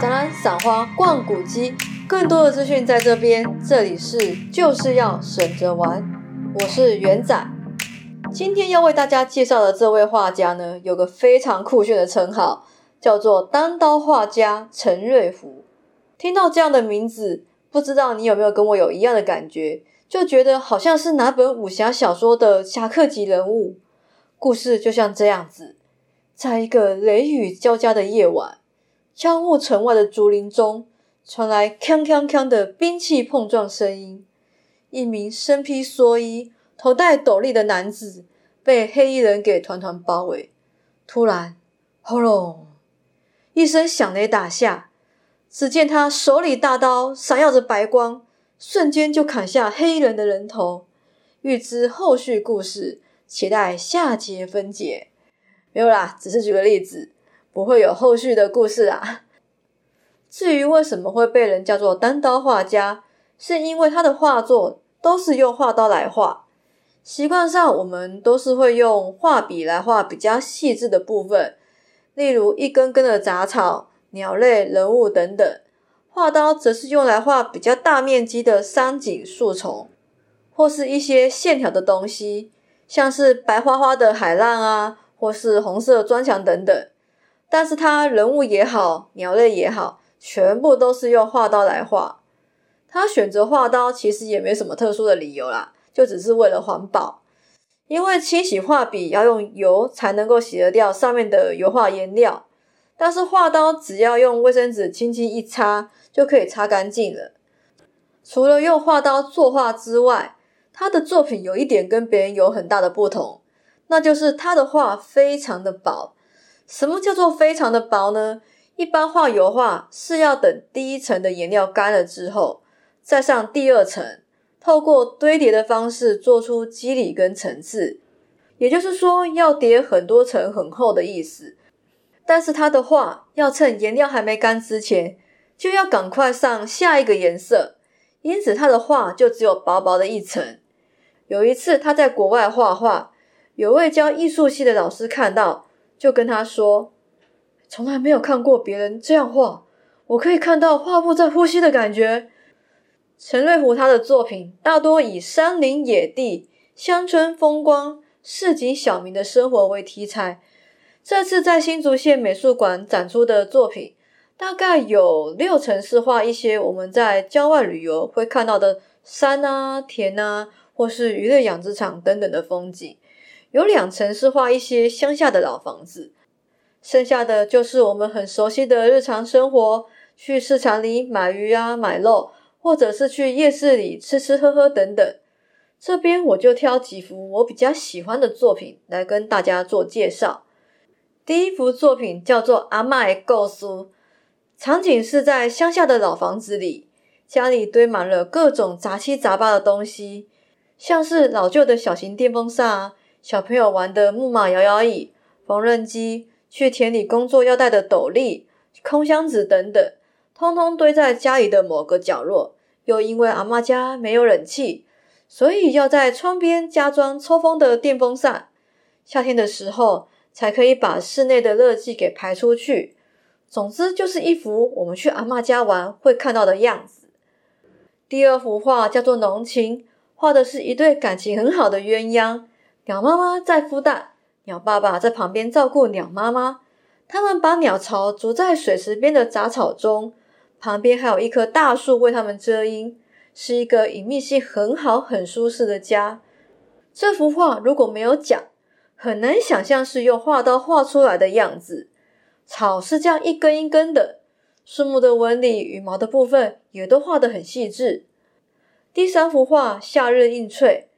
展覽、賞花、逛古蹟，更多的資訊在這邊。這裡是就是要省着玩。我是元仔，今天要為大家介紹的這位畫家呢，有個非常酷炫的稱號，叫做“單刀畫家”陳瑞瑚。聽到這樣的名字，不知道你有沒有跟我有一樣的感覺？就覺得好像是哪本武俠小說的俠客級人物。故事就像這樣子，在一個雷雨交加的夜晚。江戶城外的竹林中傳來鏘鏘鏘的兵器碰撞聲音。一名身披蓑衣、頭戴斗笠的男子被黑衣人給團團包圍。突然，轟隆一聲響雷打下，只見他手裡大刀閃耀着白光，瞬間就砍下黑衣人的人頭。欲知後續故事，且待下節分解。沒有啦，只是舉個例子。不會有後續的故事啊。至於為什麼會被人叫做單刀畫家，是因為他的畫作都是用畫刀來畫。習慣上我們都是會用畫筆來畫比較細緻的部分，例如一根根的雜草、鳥類、人物等等。畫刀則是用來畫比較大面積的山景、樹叢，或是一些線條的東西，像是白花花的海浪啊，或是紅色磚牆等等。但是他人物也好，鳥類也好，全部都是用畫刀來畫。他選擇畫刀其實也沒什麼特殊的理由啦，就只是為了環保。因為清洗畫筆要用油才能夠洗得掉上面的油畫顏料，但是畫刀只要用衛生紙輕輕一擦就可以擦乾淨了。除了用畫刀作畫之外，他的作品有一點跟別人有很大的不同，那就是他的畫非常的薄。什麼叫做非常的薄呢？一般畫油畫是要等第一層的顏料乾了之後，再上第二層，透過堆疊的方式做出肌理跟層次，也就是說要疊很多層很厚的意思。但是他的畫要趁顏料還沒乾之前，就要趕快上下一個顏色，因此他的畫就只有薄薄的一層。有一次他在國外畫畫，有位教藝術系的老師看到。就跟他說，從來沒有看過別人這樣畫，我可以看到畫布在呼吸的感覺。陳瑞瑚他的作品大多以山林、野地、鄉村風光、市井小民的生活為題材。這次在新竹縣美術館展出的作品，大概有六成是畫一些我們在郊外旅遊會看到的山啊、田啊，或是魚類養殖場等等的風景。有兩層是畫一些鄉下的老房子，剩下的就是我們很熟悉的日常生活，去市場裡買魚啊買肉，或者是去夜市裡吃吃喝喝等等。這邊我就挑幾幅我比較喜歡的作品來跟大家做介紹。第一幅作品叫做《阿麥告蘇》，場景是在鄉下的老房子裡，家裡堆滿了各種雜七雜八的東西，像是老舊的小型電風扇啊。小朋友玩的木馬、搖搖椅、縫紉機，去田裡工作要帶的斗笠、空箱子等等，通通堆在家裡的某個角落。又因為阿嬤家沒有冷氣，所以要在窗邊加裝抽風的電風扇，夏天的時候才可以把室內的熱氣給排出去。總之就是一幅我們去阿嬤家玩會看到的樣子。第二幅畫叫做《濃情》，畫的是一對感情很好的鴛鴦。鳥媽媽在孵蛋，鳥爸爸在旁邊照顧鳥媽媽。他們把鳥巢築在水池邊的雜草中，旁邊還有一棵大樹為他們遮陰，是一個隱祕性很好、很舒適的家。這幅畫如果沒有講，很難想象是用畫刀畫出來的樣子。草是這樣一根一根的，樹木的紋理、羽毛的部分也都畫得很細緻。第三幅畫：夏日映翠。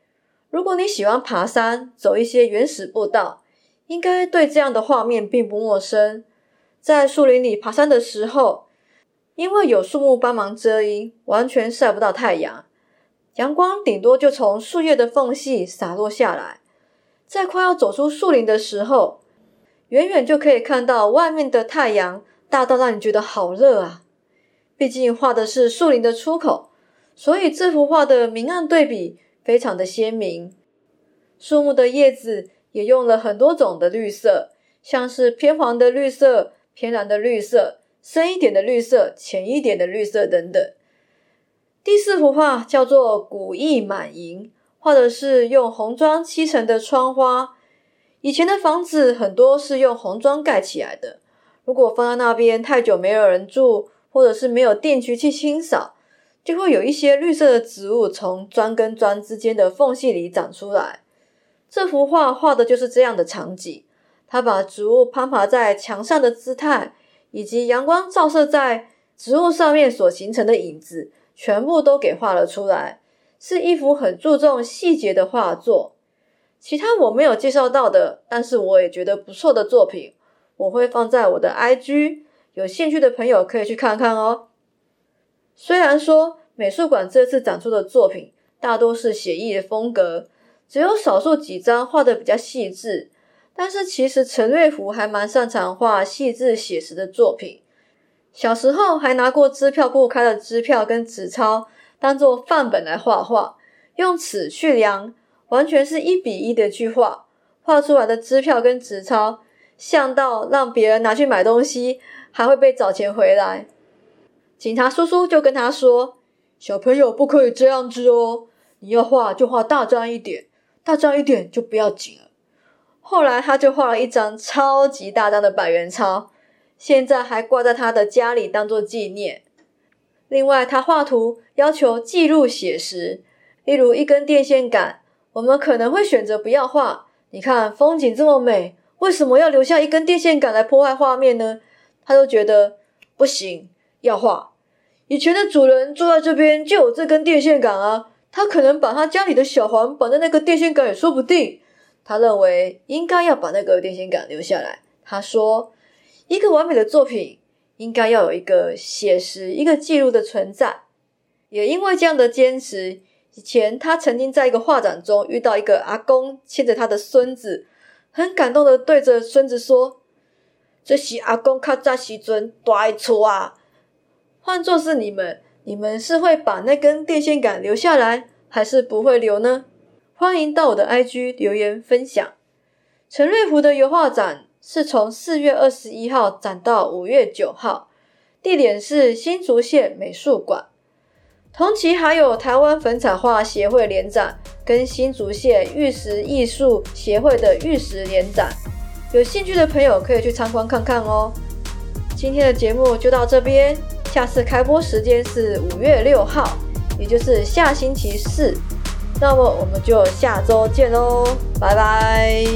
如果你喜歡爬山，走一些原始步道，應該對這樣的畫面並不陌生。在樹林裡爬山的時候，因為有樹木幫忙遮陰，完全曬不到太陽，陽光頂多就從樹葉的縫隙灑落下來。在快要走出樹林的時候，遠遠就可以看到外面的太陽，大到讓你覺得好熱啊！畢竟畫的是樹林的出口，所以這幅畫的明暗對比。非常的鮮明，樹木的葉子也用了很多種的綠色，像是偏黃的綠色、偏藍的綠色、深一點的綠色、淺一點的綠色等等。第四幅畫叫做古滿《古意滿盈》，畫的是用紅磚砌成的窗花。以前的房子很多是用紅磚蓋起來的，如果放在那邊太久，沒有人住，或者是沒有定期去清掃，就會有一些綠色的植物從磚跟磚之間的縫隙裡長出來。這幅畫畫的就是這樣的場景，它把植物攀爬在牆上的姿態，以及陽光照射在植物上面所形成的影子，全部都給畫了出來，是一幅很注重細節的畫作。其他我沒有介紹到的，但是我也覺得不錯的作品，我會放在我的 IG，有興趣的朋友可以去看看哦。雖然說美術館這次展出的作品大多是寫意的風格，只有少數幾張畫得比較細緻，但是其實陳瑞瑚還蠻擅長畫細緻寫實的作品。小時候還拿過支票簿開的支票跟紙鈔當做範本來畫畫，用尺去量，完全是一比一的去畫，畫出來的支票跟紙鈔像到讓別人拿去買東西還會被找錢回來。警察叔叔就跟他說：“小朋友不可以這樣子哦，你要畫就畫大張一點，大張一點就不要緊了。”後來他就畫了一張超級大張的百元鈔，現在還掛在他的家裡當做紀念。另外，他畫圖要求記錄寫實，例如一根電線桿，我們可能會選擇不要畫。你看風景這麼美，為什麼要留下一根電線桿來破壞畫面呢？他就覺得不行，要畫。以前的主人坐在這邊就有這根電線杆啊，他可能把他家裡的小黃綁在那個電線杆也說不定。他認為應該要把那個電線杆留下來。他說，一個完美的作品應該要有一個寫實、一個記錄的存在。也因為這樣的堅持，以前他曾經在一個畫展中遇到一個阿公牽着他的孫子，很感動的對着孫子說：“這是阿公較早時陣蹛的厝啊。”換作是你們，你們是會把那根電線桿留下來，還是不會留呢？歡迎到我的 IG 留言分享。陳瑞瑚的油畫展是從四月二十一號展到五月九號，地點是新竹縣美術館，同期還有台灣粉彩畫協會聯展跟新竹縣玉石藝術協會的玉石聯展，有興趣的朋友可以去參觀看看哦、喔。今天的節目就到這邊。下次開播時間是五月六號，也就是下星期四。那麼我們就下周見嘍，拜拜。